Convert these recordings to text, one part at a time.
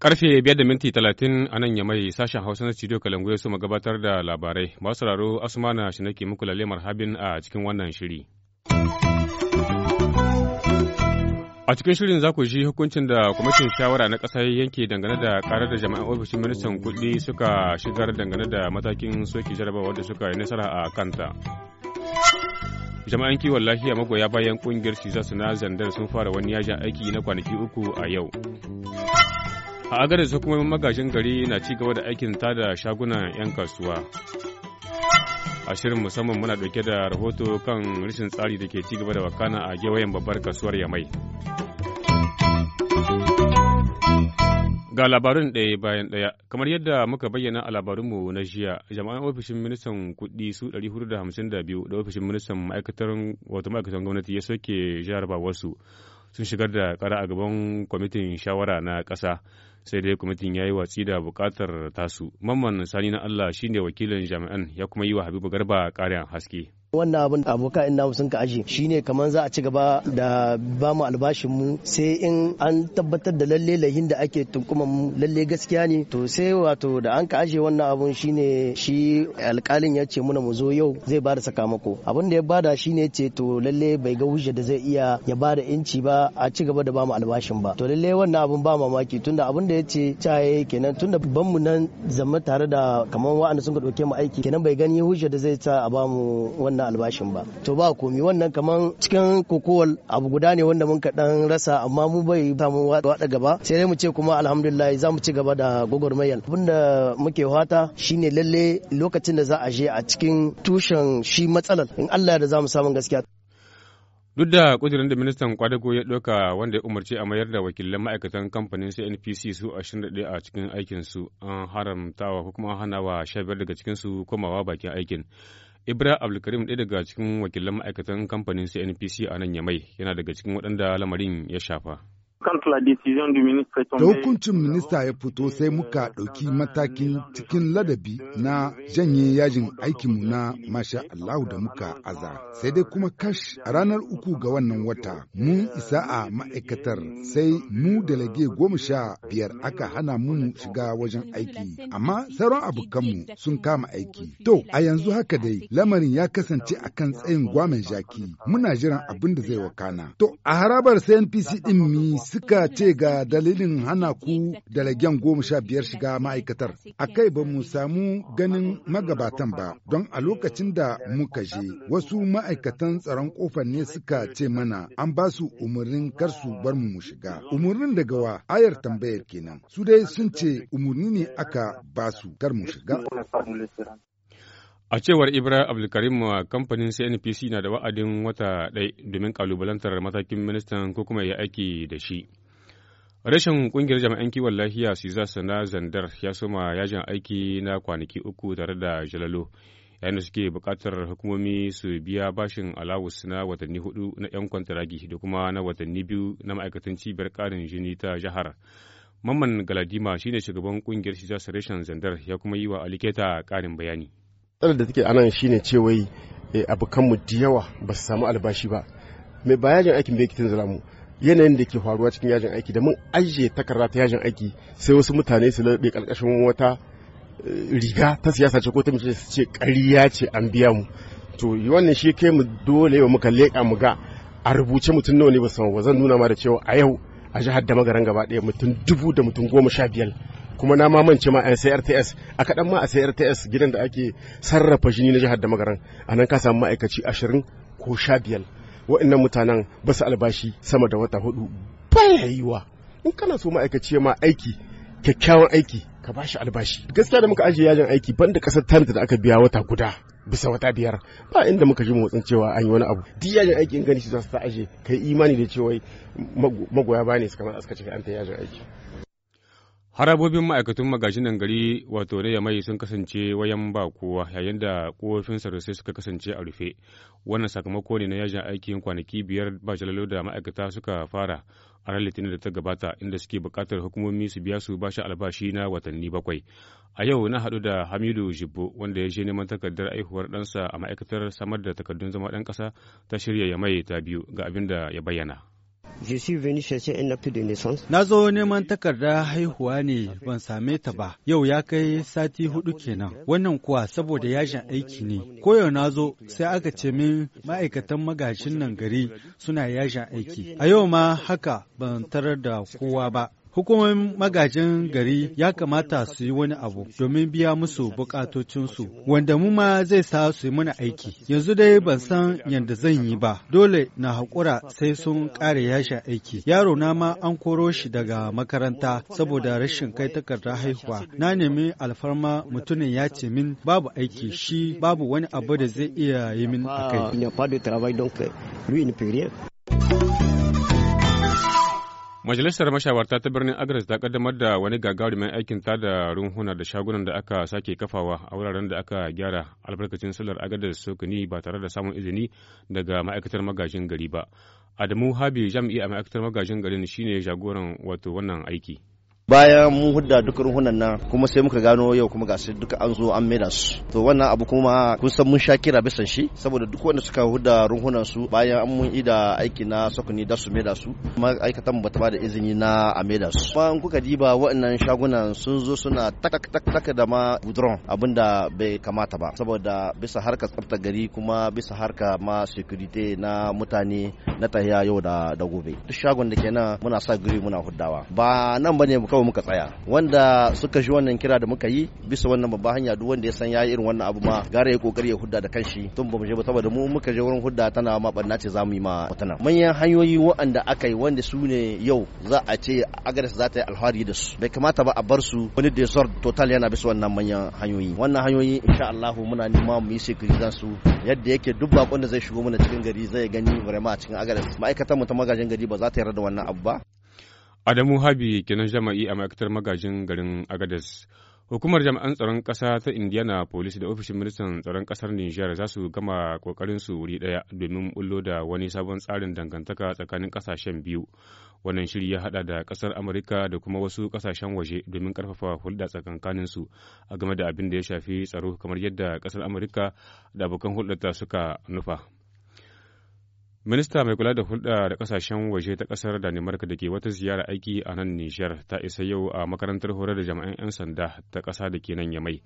Karfe biyar da minti talatin a nan ya mai sashen Hausa na studio Kalangu ya suma gabatar da labarai. Masu sauraro Asmana nake muku lalemar habin a cikin wannan shiri. A cikin shirin za ku ji hukuncin da kwamitin shawara na ƙasar yanke dangane da karar da jama'an ofishin ministan kuɗi suka shigar dangane da matakin soke jarabawar da suka yi nasara a kanta. Jama'an kiwon lafiya magoya bayan ƙungiyar su na zandar sun fara wani yajin aiki na kwanaki uku a yau. A agadar hukumomin magajin gari na ci gaba da aikin tada shagunan 'yan kasuwa. a shirin musamman muna dauke da rahoto kan rashin tsari da ke ci gaba da wakana a gewayen babbar kasuwar yamai ga labarin ɗaya bayan ɗaya kamar yadda muka bayyana a labarinmu na jiya jama'an ofishin ministan kuɗi su 452 da ofishin ministan ma'aikatar wato ma'aikatan gwamnati ya soke jarabawarsu sun shigar da kara a gaban kwamitin shawara na ƙasa sai dai kwamitin ya yi watsi da bukatar tasu mamman sani na allah shi ne wakilin jami'an ya kuma yi wa habibu garba ƙarin haske wannan abin da abokan in namu sun ka aji shine kamar za a ci gaba da ba mu albashin mu sai in an tabbatar da lalle lahin da ake tunkuma mu lalle gaskiya ne to sai wato da an ka aje wannan abun shine shi alkalin ya ce muna mu zo yau zai bada sakamako abin da ya bada shine ce to lalle bai ga hujja da zai iya ya bada inci ba a ci gaba da ba mu albashin ba to lalle wannan abun ba mamaki tunda abin da ya ce caye kenan tunda ban mu nan zama tare da kamar wa'anda sun ka dauke mu aiki kenan bai gani hujja da zai ta a ba mu wannan wannan albashin ba to ba komi wannan kaman cikin kokowal abu guda ne wanda mun kaɗan rasa amma mu bai samu wada gaba sai dai mu ce kuma alhamdulillah za mu ci gaba da gwagwarmayar abinda muke fata shine lalle lokacin da za a je a cikin tushen shi matsalar in Allah ya da za mu samu gaskiya Duk da kudirin da ministan kwadago ya ɗauka wanda ya umarci a mayar da wakilan ma'aikatan kamfanin CNPC su 21 a cikin aikinsu an haramtawa ko kuma hana wa 15 daga cikinsu komawa bakin aikin. Ibrahim Abdulkarim ɗaya daga cikin wakilan ma'aikatan kamfanin CNPC a nan ya mai yana daga cikin waɗanda lamarin ya shafa. Da hukuncin minista ya fito sai muka ɗauki matakin cikin ladabi na janye yajin aikinmu na masha Allahu da muka aza. Sai dai kuma kash a ranar uku ga wannan wata mun isa a ma'aikatar sai mu dalage goma sha biyar aka hana mu shiga wajen aiki. Amma sauran abokanmu sun kama aiki. To a yanzu haka dai lamarin ya kasance a kan tsayin gwamen jaki muna jiran abin da zai wakana. To a harabar CNPC ɗin mi suka ce ga dalilin hana ku dalagen goma sha biyar shiga ma'aikatar. A kai ba mu samu ganin magabatan ba, don a lokacin da muka je, wasu ma'aikatan tsaron kofar ne suka ce mana an ba su umarnin kar su bar mu shiga. Umarnin daga wa ayar tambayar kenan. Su dai sun ce umarni ne aka ba su kar mu shiga. A cewar Ibrahim Abdulkarim kamfanin CNPC na da wa'adin wata ɗai domin kalubalantar matakin ministan ko kuma ya aiki da shi. Rashin ƙungiyar jami'an kiwon lafiya Siza na Zandar ya soma yajin aiki na kwanaki uku tare da Jalalo, yayin da suke bukatar hukumomi su biya bashin alawus na watanni hudu na 'yan kwantaragi da kuma na watanni biyu na ma'aikatan cibiyar karin jini ta jihar. Mamman Galadima shine shugaban ƙungiyar Siza rashin Zandar ya kuma yi wa Aliketa ƙarin bayani. matsalar da take anan shine cewai eh, abokanmu da yawa ba su samu albashi ba mai ba yajin aikin bai kitin zalamu yanayin da ke faruwa cikin yajin aiki da mun ajiye takarda ta yajin aiki sai wasu mutane su laɓe ƙarƙashin wata eh, riga ta siyasa ce ko ta mace su ce ƙarya ce an biya mu to wannan shi kai mu dole wa muka leƙa mu ga a rubuce mutum nawa ne ba san ba zan nuna ma da cewa a yau a jihar da magaran gaba ɗaya mutum dubu da mutum goma sha biyar kuma na mamance ma a CRTS a kaɗan ma a CRTS gidan da ake sarrafa jini na jihar da magaran a nan ka samu ma'aikaci ashirin ko sha biyar wa'annan mutanen ba su albashi sama da wata hudu baya wa in kana so ma'aikaci ma aiki kyakkyawan aiki ka bashi albashi gaskiya da muka ajiye yajin aiki ban da kasar tamta da aka biya wata guda bisa wata biyar ba inda muka ji motsin cewa an yi wani abu duk yajin aiki in gani su za su ta aje kai imani da cewa magoya ne su kamar aska ce an ta yajin aiki harabobin ma'aikatan nan gari wato na yamai sun kasance wayan ba kowa yayin da kofin sarusai suka kasance a rufe wannan sakamako ne na yajin aikin kwanaki biyar ba jalalo da ma'aikata suka fara a litinin da ta gabata inda suke bukatar hukumomi su biya su bashi albashi na watanni bakwai a yau na hadu da hamidu jibbo wanda ya je neman takardar aihuwar ɗansa a ma'aikatar samar da takardun zama ɗan ƙasa ta shirya ya ta biyu ga abin da ya bayyana Je suis venu chercher un acte de naissance. Na zo neman takarda haihuwa ne ban same ta ba. Yau ya kai sati hudu kenan. Wannan kuwa saboda yajin aiki ne. Koyau na zo sai aka ce min ma'aikatan magajin nan gari suna yajin aiki. A yau ma haka ban tarar da kowa ba. Hukumomin magajin gari ya kamata su yi wani abu domin biya musu bukatocinsu, wanda mu ma zai sa su yi mana aiki. Yanzu dai ban san yadda zan yi ba, dole na haƙura sai sun ƙare yashi aiki. Yaro na ma an koro shi daga makaranta saboda rashin kai takardar haihuwa. Na nemi alfarma mutumin ya ce min babu aiki shi babu wani abu da zai iya yi min a kai. Majalisar mashawarta ta birnin Agres ta kaddamar da wani gagarumin aikin tada runhuna da shagunan da aka sake kafawa a wuraren da aka gyara albarkacin sallar agadar sokuni ba tare da samun izini daga ma'aikatar magajin gari ba. Adamu Habi jam'i a ma'aikatar magajin garin shine jagoran wato wannan aiki. bayan mu hudda duk ruhunan nan kuma sai muka gano yau kuma ga su duka an zo an maida su to wannan abu kuma kun san mun sha kira bisan shi saboda duk wanda suka hudda ruhunan su bayan an mun ida aiki na sokuni da su maida su kuma aikatan bata ba da izini na a maida su kuma in kuka diba waɗannan shagunan sun zo suna tak tak tak da ma gudron abinda bai kamata ba saboda bisa harka tsafta gari kuma bisa harka ma security na mutane na tahiya yau da gobe duk shagon da kenan muna sa guri muna huddawa ba nan bane kawai kawai muka tsaya wanda suka shi wannan kira da muka yi bisa wannan babban hanya duk wanda ya san yayi irin wannan abu ma gara ya kokari ya hudda da kanshi tun bamu je ba saboda mu muka je wurin hudda tana ma barna ce zamu yi ma watanan manyan hanyoyi waɗanda aka yi wanda su ne yau za a ce agadas za ta yi alfahari da su bai kamata ba a bar su wani desor total yana bisa wannan manyan hanyoyi wannan hanyoyi insha Allah muna nema mu yi sekuritan su yadda yake duk bakon da zai shigo mana cikin gari zai gani vraiment a cikin agadas ma'aikatan mu ta magajin gari ba za ta yarda da wannan abu ba Adamu Habi kenan jama'i a ma'aikatar magajin garin Agadez. Hukumar jami'an tsaron ƙasa ta Indiana Police da ofishin ministan tsaron ƙasar Nijar za su gama su wuri ɗaya domin bullo da wani sabon tsarin dangantaka tsakanin ƙasashen biyu. Wannan shiri ya haɗa da ƙasar Amurka da kuma wasu ƙasashen waje domin ƙarfafa hulɗa su a game da abin da ya shafi tsaro kamar yadda ƙasar Amurka da abokan hulɗarta suka nufa. Minista mai kula da hulɗa da ƙasashen waje ta ƙasar Danimarka da ke wata ziyara aiki a nan Nijar ta isa yau a makarantar horar da jama'an 'yan sanda ta ƙasa da ke nan Yamai.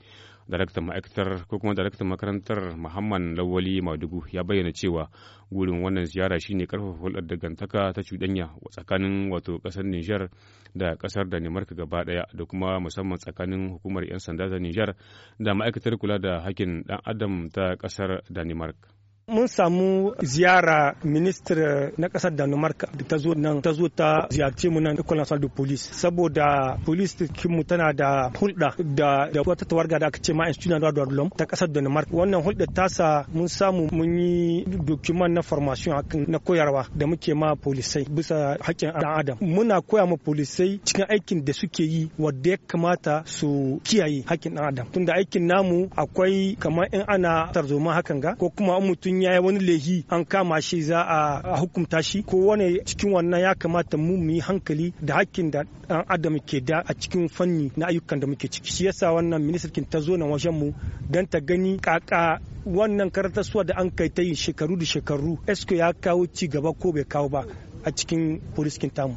darakta ma'aikatar ko kuma darakta makarantar Muhammad Lawali Madugu ya bayyana cewa gurin wannan ziyara shine ƙarfafa hulɗar dangantaka ta cuɗanya tsakanin wato ƙasar Nijar da ƙasar Danimarka gaba ɗaya da kuma musamman tsakanin hukumar 'yan sanda ta Nijar da ma'aikatar kula da hakkin ɗan adam ta ƙasar Danimarka. mun samu ziyara ministar na kasar danemark da ta zo ta zo ta ziyarce mu nan ikon nasarar da police saboda police kinmu tana da hulɗa da da wata tawarga da aka ce ma institut na lom ta kasar danemark wannan hulɗa ta sa mun samu mun yi document na formation hakan na koyarwa da muke ma polisai bisa haƙƙin dan adam muna koya ma polisai cikin aikin da suke yi wanda ya kamata su kiyaye haƙƙin dan adam tunda aikin namu akwai kamar in ana tarzoma hakan ga ko kuma mutum in yi wani lehi an kama shi za a hukunta shi ko wani cikin wannan ya kamata mu mu yi hankali da hakkin da dan adam ke da a cikin fanni na ayyukan da muke ciki shi yasa wannan kin ta zo nan wajen mu dan ta gani kaka wannan karatarsuwa da an kai ta yi shekaru da shekaru esko ya kawo ci gaba ko bai kawo ba a cikin poliskin tamu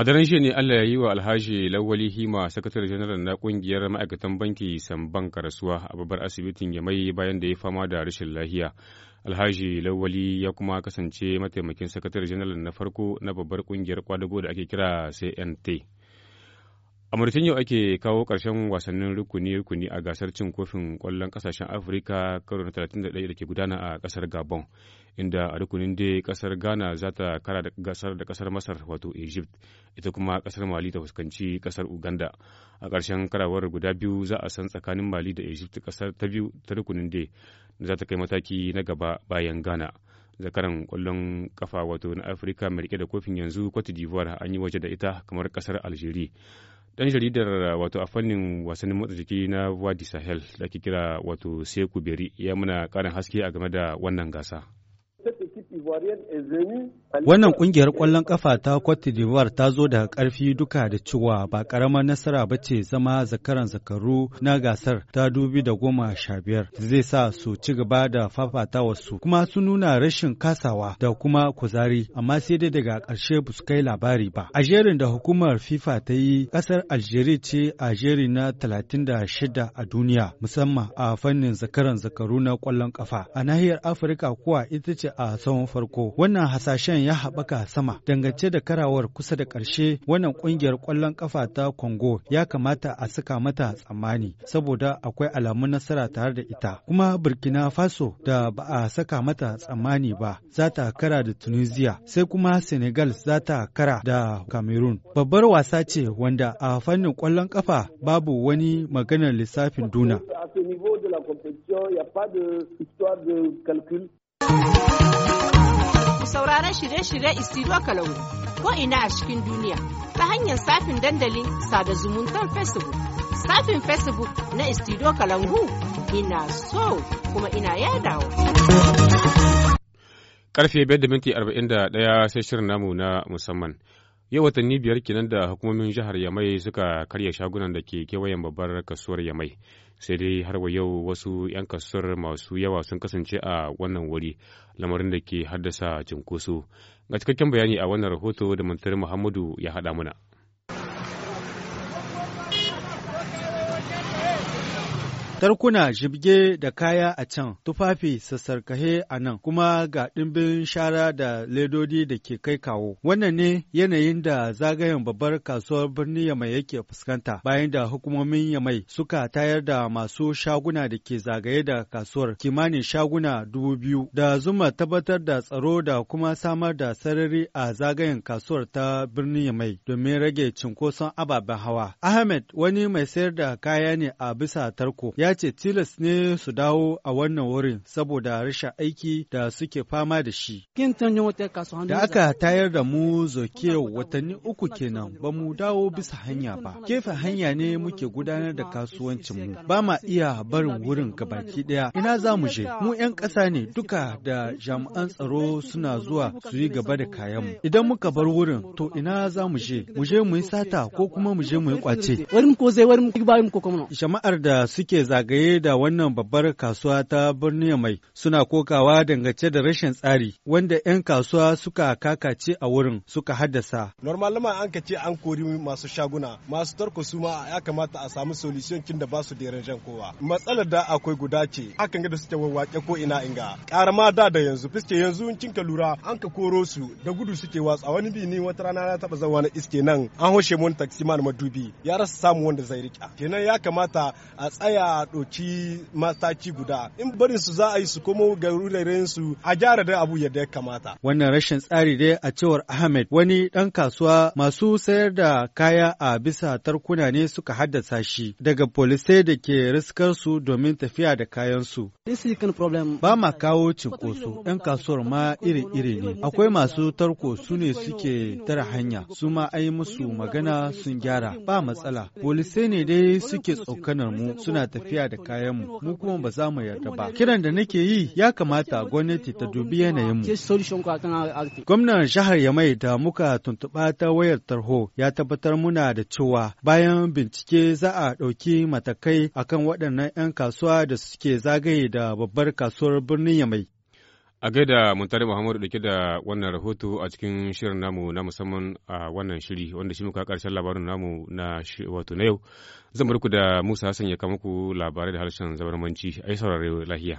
A daren shi ne Allah ya yi wa Alhaji Lawali Hima sakatare janaral na kungiyar ma'aikatan banki Samban Karasuwa a babbar asibitin Yamai bayan da ya fama da rashin lahiya. Alhaji Lawali ya kuma kasance mataimakin sakatare janaral na farko na babbar kungiyar kwadago da ake kira CNT. A Mauritin yau ake kawo karshen wasannin rukuni-rukuni a gasar cin kofin ƙwallon ƙasashen Afirka karo na 31 da ke gudana a ƙasar Gabon, inda a rukunin dai kasar Ghana za ta kara da gasar da kasar Masar wato Egypt, ita kuma ƙasar Mali ta fuskanci kasar Uganda. A ƙarshen karawar guda biyu za a san tsakanin Mali da Egypt ƙasar ta biyu ta rukunin dai da za ta kai mataki na gaba bayan Ghana. zakaran kwallon kafa wato na afirka mai rike da kofin yanzu cote d'ivoire an yi waje da ita kamar kasar algeria dan jaridar wato a fannin wasannin motsa jiki na Wadi Sahel da ake kira wato Seku Beri ya muna karin haske a game da wannan gasa. Wannan kungiyar ƙwallon ƙafa ta Cote d'Ivoire ta zo da ƙarfi duka da cewa ba ƙaramar nasara ba ce zama zakaran zakaru na gasar ta dubi da goma sha biyar zai sa su ci gaba da fafata wasu kuma su nuna rashin kasawa da kuma kuzari amma sai dai daga ƙarshe ba su kai labari ba. A da hukumar FIFA ta yi ƙasar Algeria ce a jeri na talatin da shida a duniya musamman a fannin zakaran zakaru na ƙwallon ƙafa. A nahiyar Afirka kuwa ita ce a tsawon farko wannan hasashen ya haɓaka sama dangance da karawar kusa da ƙarshe wannan ƙungiyar ƙwallon ƙafa ta Congo ya kamata a saka mata tsammani saboda akwai alamun nasara tare da ita kuma Burkina Faso da ba a saka mata tsammani ba za ta kara da Tunisia sai kuma Senegal za ta kara da Cameroon babbar wasa ce wanda a fannin ƙwallon ƙafa babu wani maganar lissafin duna. sauraron shirye-shirye Isiro Kalau ko ina a cikin duniya ta hanyar safin dandalin sada zumuntar Facebook. Safin Facebook na Isiro Kalangu ina so kuma ina yadawa. Karfe 5:41 sai shirin namu na musamman. Yau watanni biyar kenan da hukumomin jihar Yamai suka karya shagunan da ke kewayen babbar kasuwar Yamai. Sai dai har wa yau wasu 'yan kasuwar masu yawa sun kasance a wannan wuri, lamarin da ke haddasa cinkoso. Ga cikakken bayani a wannan rahoto da Muhammadu ya haɗa muna. Tarkuna jibge da kaya a can, tufafi sassarkahe a nan, kuma ga ɗimbin shara da ledodi da ke kai kawo. Wannan ne yanayin da zagayen babbar kasuwar birnin Yamai yake fuskanta bayan da hukumomin Yamai suka tayar da masu shaguna da ke zagaye da kasuwar kimanin shaguna dubu biyu da zuma tabbatar da tsaro da kuma samar da sarari a zagayen kasuwar ta birnin Yamai domin rage cinkoson ababen hawa. Ahmed wani mai sayar da kaya ne a bisa tarko ya ya ce tilas ne su dawo a wannan wurin saboda rashin aiki da suke fama da shi. Da aka tayar da mu zoke watanni uku kenan ba mu dawo bisa hanya ba. Kefa hanya ne muke gudanar da kasuwancinmu. Ba ma iya barin wurin gabaki ɗaya. Ina za mu je? Mu 'yan ƙasa ne duka da jami'an tsaro suna zuwa su yi gaba da kayanmu. Idan muka bar wurin to ina za mu je? Mu je mu yi sata ko kuma mu je mu yi kwace. Jama'ar da suke za zagaye da wannan babbar kasuwa ta birni mai suna kokawa dangance da rashin tsari wanda 'yan kasuwa suka kakace a wurin suka haddasa. Normalman an kace ce an kori masu shaguna masu tarko su ma ya kamata a samu solution kin da ba su jan kowa. Matsalar da akwai guda ce akan ga da suke wawwake ko ina inga. Karama da da yanzu fiske yanzu in kin ka lura an ka koro su da gudu suke watsa wani bi ni wata rana na taba zawa na iske nan an hoshe mun taksi man madubi ya rasa samu wanda zai rika. Kenan ya kamata a tsaya ɗoci mataki guda in barin su za a yi su komo garuraren su a gyara da abu yadda ya kamata wannan rashin tsari dai a cewar ahmed wani ɗan kasuwa masu sayar da kaya a bisa tarkuna ne suka haddasa shi daga polisai da ke riskar su domin tafiya da kayan su ba ma kawo cinkoso ɗan kasuwar ma iri-iri ne akwai masu tarko su ne suke tara hanya su ma ai musu magana sun gyara ba matsala polisai ne dai suke tsokanar mu suna tafiya tafiya da kayanmu, mu kuma ba za mu yarda ba. Kiran da nake yi ya kamata gwamnati ta dubi yanayinmu. Gwamnan jihar Yamai da muka tuntuɓa ta wayar tarho ya tabbatar muna da cewa bayan bincike za a ɗauki matakai akan waɗannan 'yan kasuwa da suke zagaye da babbar kasuwar birnin Yamai. A gaida Muntari Muhammadu dauke da wannan rahoto a cikin shirin namu na musamman a wannan shiri wanda shi muka karshen labarin namu na wato na yau. Zan bar ku da Musa Hassan ya kama ku labarai da harshen zabarmanci. Ai saurare lahiya.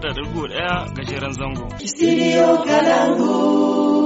da ɗaya gajeren zango. Studio Kalangu.